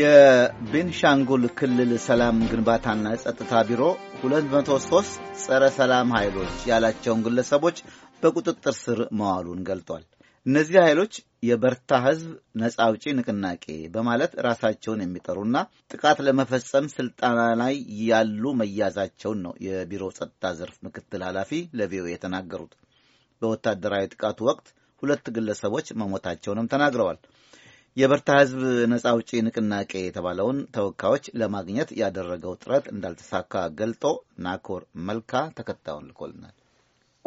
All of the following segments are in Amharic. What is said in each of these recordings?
የቤንሻንጉል ክልል ሰላም ግንባታና ጸጥታ ቢሮ 203 ጸረ ሰላም ኃይሎች ያላቸውን ግለሰቦች በቁጥጥር ስር መዋሉን ገልጧል። እነዚህ ኃይሎች የበርታ ሕዝብ ነጻ አውጪ ንቅናቄ በማለት ራሳቸውን የሚጠሩና ጥቃት ለመፈጸም ስልጣና ላይ ያሉ መያዛቸውን ነው የቢሮው ጸጥታ ዘርፍ ምክትል ኃላፊ ለቪኦኤ የተናገሩት። በወታደራዊ ጥቃቱ ወቅት ሁለት ግለሰቦች መሞታቸውንም ተናግረዋል። የበርታ ህዝብ ነጻ አውጪ ንቅናቄ የተባለውን ተወካዮች ለማግኘት ያደረገው ጥረት እንዳልተሳካ ገልጦ ናኮር መልካ ተከታዩን ልኮልናል።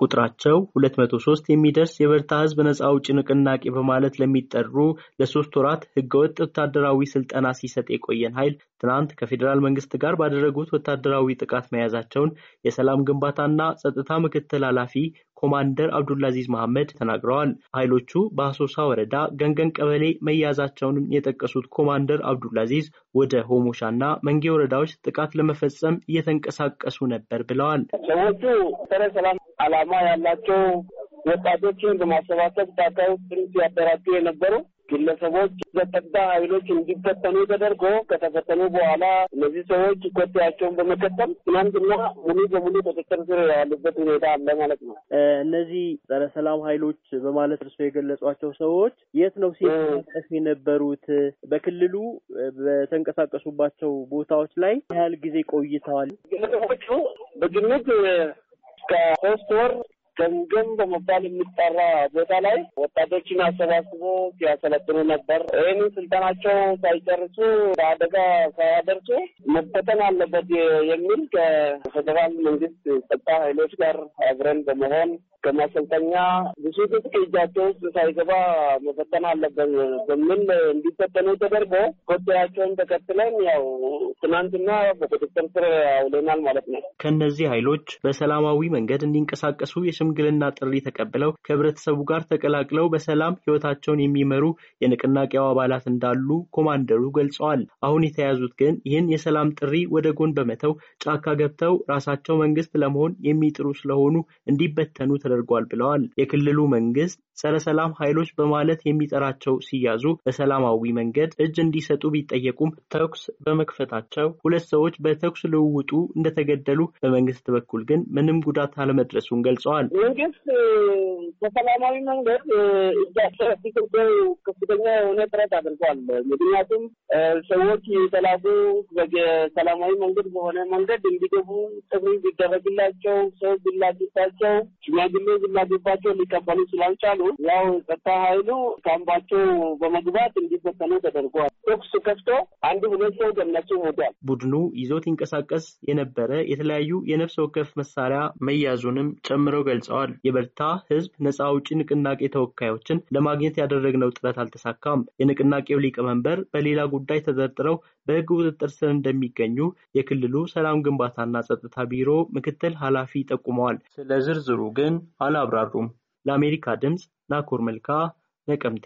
ቁጥራቸው 203 የሚደርስ የበርታ ህዝብ ነጻ አውጪ ንቅናቄ በማለት ለሚጠሩ ለሶስት ወራት ህገወጥ ወታደራዊ ስልጠና ሲሰጥ የቆየን ኃይል ትናንት ከፌዴራል መንግስት ጋር ባደረጉት ወታደራዊ ጥቃት መያዛቸውን የሰላም ግንባታና ጸጥታ ምክትል ኃላፊ ኮማንደር አብዱላዚዝ መሐመድ ተናግረዋል። ኃይሎቹ በአሶሳ ወረዳ ገንገን ቀበሌ መያዛቸውንም የጠቀሱት ኮማንደር አብዱላዚዝ ወደ ሆሞሻና መንጌ ወረዳዎች ጥቃት ለመፈጸም እየተንቀሳቀሱ ነበር ብለዋል። ሰዎቹ ጸረ ሰላም ዓላማ ያላቸው ወጣቶችን በማሰባሰብ ታካ ውስጥ ሲያደራጁ የነበሩ ግለሰቦች በጸጥታ ኃይሎች እንዲፈተኑ ተደርጎ ከተፈተኑ በኋላ እነዚህ ሰዎች ኮቴያቸውን በመከተል ትናንትና ሙሉ በሙሉ ቁጥጥር ስር ያሉበት ሁኔታ አለ ማለት ነው። እነዚህ ጸረ ሰላም ኃይሎች በማለት እርሶ የገለጿቸው ሰዎች የት ነው ሲንቀሳቀስ የነበሩት? በክልሉ በተንቀሳቀሱባቸው ቦታዎች ላይ ያህል ጊዜ ቆይተዋል? ግለሰቦቹ በግምት ከሶስት ወር ገምገም በመባል የሚጠራ ቦታ ላይ ወጣቶችን አሰባስቦ ሲያሰለጥኑ ነበር። ይህን ስልጠናቸው ሳይጨርሱ በአደጋ ሳያደርሱ መፈተን አለበት የሚል ከፌደራል መንግስት ጸጥታ ኃይሎች ጋር አብረን በመሆን ከማሰልጠኛ ብዙ ትጥቅ እጃቸው ውስጥ ሳይገባ መፈተን አለበት በሚል እንዲፈተኑ ተደርጎ ኮዳቸውን ተከትለን ያው ትናንትና በቁጥጥር ስር አውለናል ማለት ነው። ከእነዚህ ኃይሎች በሰላማዊ መንገድ እንዲንቀሳቀሱ የሽምግልና ጥሪ ተቀብለው ከህብረተሰቡ ጋር ተቀላቅለው በሰላም ህይወታቸውን የሚመሩ የንቅናቄው አባላት እንዳሉ ኮማንደሩ ገልጸዋል። አሁን የተያዙት ግን ይህን የሰላም ጥሪ ወደ ጎን በመተው ጫካ ገብተው ራሳቸው መንግስት ለመሆን የሚጥሩ ስለሆኑ እንዲበተኑ ተደርጓል ብለዋል። የክልሉ መንግስት ጸረ ሰላም ኃይሎች በማለት የሚጠራቸው ሲያዙ በሰላማዊ መንገድ እጅ እንዲሰጡ ቢጠየቁም ተኩስ በመክፈታቸው ሁለት ሰዎች በተኩስ ልውውጡ እንደተገደሉ፣ በመንግስት በኩል ግን ምንም ጉዳት አለመድረሱን ገልጸዋል። መንግስት በሰላማዊ መንገድ እጃቸው ከፍተኛ የሆነ ጥረት አድርጓል። ምክንያቱም ሰዎች የተላጉ በሰላማዊ መንገድ በሆነ መንገድ እንዲገቡ ጥሪ ቢደረግላቸው ሰው ቢላግታቸው ሽማግ ግሌ ፍላጎታቸው ሊቀበሉ ስላልቻሉ ያው ጸጥታ ኃይሉ ካምባቸው በመግባት እንዲፈተኑ ተደርጓል። ተኩስ ከፍቶ አንድ ሁለት ሰው ገነሱ ሞቷል። ቡድኑ ይዞት ይንቀሳቀስ የነበረ የተለያዩ የነፍስ ወከፍ መሳሪያ መያዙንም ጨምረው ገልጸዋል። የበርታ ህዝብ ነጻ አውጪ ንቅናቄ ተወካዮችን ለማግኘት ያደረግነው ጥረት አልተሳካም። የንቅናቄው ሊቀመንበር በሌላ ጉዳይ ተጠርጥረው በህግ ቁጥጥር ስር እንደሚገኙ የክልሉ ሰላም ግንባታና ጸጥታ ቢሮ ምክትል ኃላፊ ጠቁመዋል። ስለ ዝርዝሩ ግን አላብራሩም። ለአሜሪካ ድምፅ ናኮር መልካ ነቀምቴ